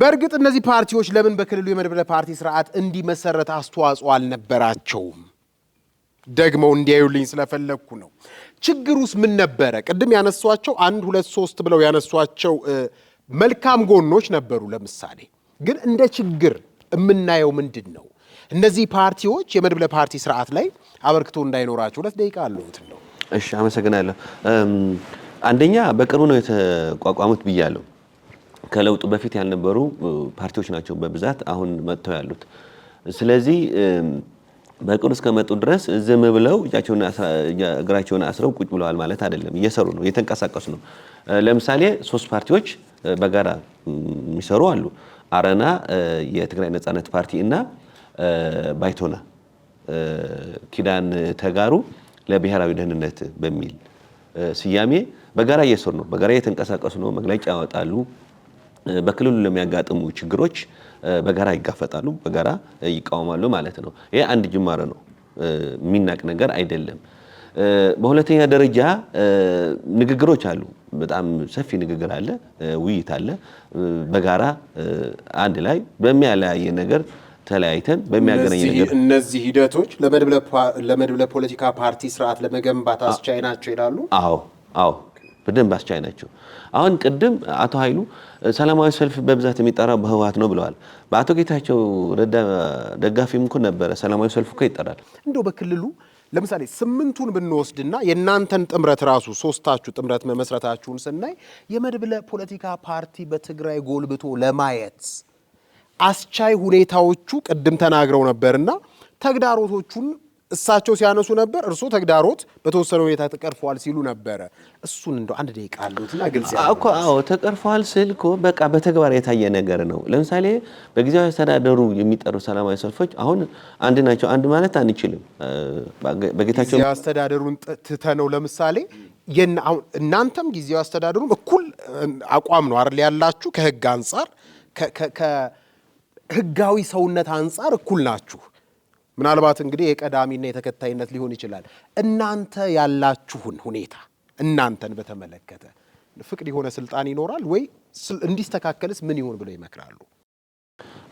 በእርግጥ እነዚህ ፓርቲዎች ለምን በክልሉ የመድበለ ፓርቲ ስርዓት እንዲመሰረት አስተዋጽኦ አልነበራቸውም? ደግመው እንዲያዩልኝ ስለፈለግኩ ነው። ችግሩስ ምን ነበረ? ቅድም ያነሷቸው አንድ ሁለት ሶስት ብለው ያነሷቸው መልካም ጎኖች ነበሩ። ለምሳሌ ግን እንደ ችግር የምናየው ምንድን ነው? እነዚህ ፓርቲዎች የመድብለ ፓርቲ ስርዓት ላይ አበርክቶ እንዳይኖራቸው። ሁለት ደቂቃ አለሁት ነው። እሺ፣ አመሰግናለሁ። አንደኛ በቅርቡ ነው የተቋቋሙት ብያለሁ። ከለውጡ በፊት ያልነበሩ ፓርቲዎች ናቸው በብዛት አሁን መጥተው ያሉት። ስለዚህ በቅርብ እስከመጡ ድረስ ዝም ብለው እግራቸውን አስረው ቁጭ ብለዋል ማለት አይደለም። እየሰሩ ነው፣ እየተንቀሳቀሱ ነው። ለምሳሌ ሶስት ፓርቲዎች በጋራ የሚሰሩ አሉ። አረና፣ የትግራይ ነጻነት ፓርቲ እና ባይቶና ኪዳን ተጋሩ ለብሔራዊ ደህንነት በሚል ስያሜ በጋራ እየሰሩ ነው፣ በጋራ እየተንቀሳቀሱ ነው። መግለጫ ያወጣሉ። በክልሉ ለሚያጋጥሙ ችግሮች በጋራ ይጋፈጣሉ፣ በጋራ ይቃወማሉ ማለት ነው። ይሄ አንድ ጅማሬ ነው፣ የሚናቅ ነገር አይደለም። በሁለተኛ ደረጃ ንግግሮች አሉ። በጣም ሰፊ ንግግር አለ፣ ውይይት አለ። በጋራ አንድ ላይ በሚያለያየ ነገር ተለያይተን በሚያገናኝ ነገር እነዚህ ሂደቶች ለመድብለ ፖለቲካ ፓርቲ ስርዓት ለመገንባት አስቻይ ናቸው ይላሉ። አዎ አዎ በደንብ አስቻይ ናቸው። አሁን ቅድም አቶ ኃይሉ ሰላማዊ ሰልፍ በብዛት የሚጠራው በህወሀት ነው ብለዋል። በአቶ ጌታቸው ረዳ ደጋፊም እኮ ነበረ ሰላማዊ ሰልፍ እኮ ይጠራል። እንደው በክልሉ ለምሳሌ ስምንቱን ብንወስድና የእናንተን ጥምረት ራሱ ሶስታችሁ ጥምረት መመስረታችሁን ስናይ የመድብለ ፖለቲካ ፓርቲ በትግራይ ጎልብቶ ለማየት አስቻይ ሁኔታዎቹ ቅድም ተናግረው ነበርና ተግዳሮቶቹን እሳቸው ሲያነሱ ነበር። እርስዎ ተግዳሮት በተወሰነ ሁኔታ ተቀርፈዋል ሲሉ ነበረ። እሱን እንደው አንድ ደቂቃ አሉትና ግልጽ እኮ። አዎ ተቀርፈዋል ስል እኮ በቃ በተግባር የታየ ነገር ነው። ለምሳሌ በጊዜያዊ አስተዳደሩ የሚጠሩ ሰላማዊ ሰልፎች አሁን አንድ ናቸው። አንድ ማለት አንችልም። በጌታቸው አስተዳደሩን ትተነው ለምሳሌ እናንተም ጊዜያዊ አስተዳደሩም እኩል አቋም ነው አይደል ያላችሁ? ከህግ አንጻር ከህጋዊ ሰውነት አንጻር እኩል ናችሁ። ምናልባት እንግዲህ የቀዳሚና የተከታይነት ሊሆን ይችላል። እናንተ ያላችሁን ሁኔታ እናንተን በተመለከተ ፍቅድ የሆነ ስልጣን ይኖራል ወይ? እንዲስተካከልስ ምን ይሆን ብለው ይመክራሉ?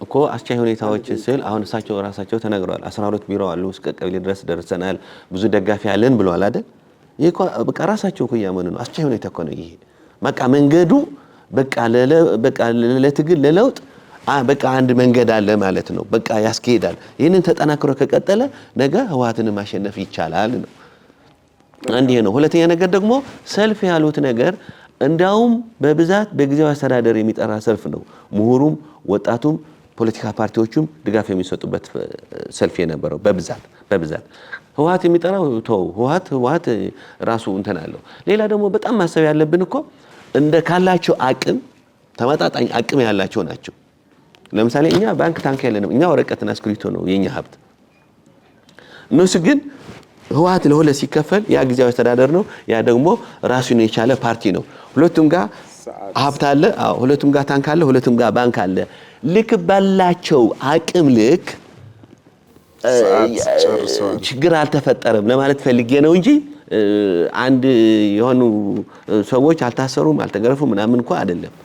እኮ አስቻይ ሁኔታዎች ስል አሁን እሳቸው ራሳቸው ተነግረዋል። አስራ ሁለት ቢሮ አሉ፣ እስከ ቀበሌ ድረስ ደርሰናል፣ ብዙ ደጋፊ አለን ብለዋል አይደል? ይህ በቃ ራሳቸው እኮ እያመኑ ነው። አስቻይ ሁኔታ እኮ ነው ይሄ። በቃ መንገዱ በቃ ለትግል ለለውጥ በቃ አንድ መንገድ አለ ማለት ነው። በቃ ያስኬዳል። ይህንን ተጠናክሮ ከቀጠለ ነገ ህወሓትን ማሸነፍ ይቻላል ነው። አንድ ነው። ሁለተኛ ነገር ደግሞ ሰልፍ ያሉት ነገር እንዳውም በብዛት በጊዜያዊ አስተዳደር የሚጠራ ሰልፍ ነው። ምሁሩም ወጣቱም ፖለቲካ ፓርቲዎቹም ድጋፍ የሚሰጡበት ሰልፍ የነበረው በብዛት በብዛት ህወሓት የሚጠራው ተው ህወሓት ህወሓት ራሱ እንትን አለው። ሌላ ደግሞ በጣም ማሰብ ያለብን እኮ እንደ ካላቸው አቅም ተመጣጣኝ አቅም ያላቸው ናቸው ለምሳሌ እኛ ባንክ ታንክ ያለንም እኛ ወረቀትና እስክሪብቶ ነው የኛ ሀብት። እነሱ ግን ህወሓት ለሁለት ሲከፈል ያ ጊዜያዊ አስተዳደር ነው፣ ያ ደግሞ ራሱን የቻለ ፓርቲ ነው። ሁለቱም ጋር ሀብት አለ፣ ሁለቱም ጋር ታንክ አለ፣ ሁለቱም ጋር ባንክ አለ። ልክ ባላቸው አቅም ልክ ችግር አልተፈጠረም ለማለት ፈልጌ ነው እንጂ አንድ የሆኑ ሰዎች አልታሰሩም፣ አልተገረፉም ምናምን እንኳ አይደለም።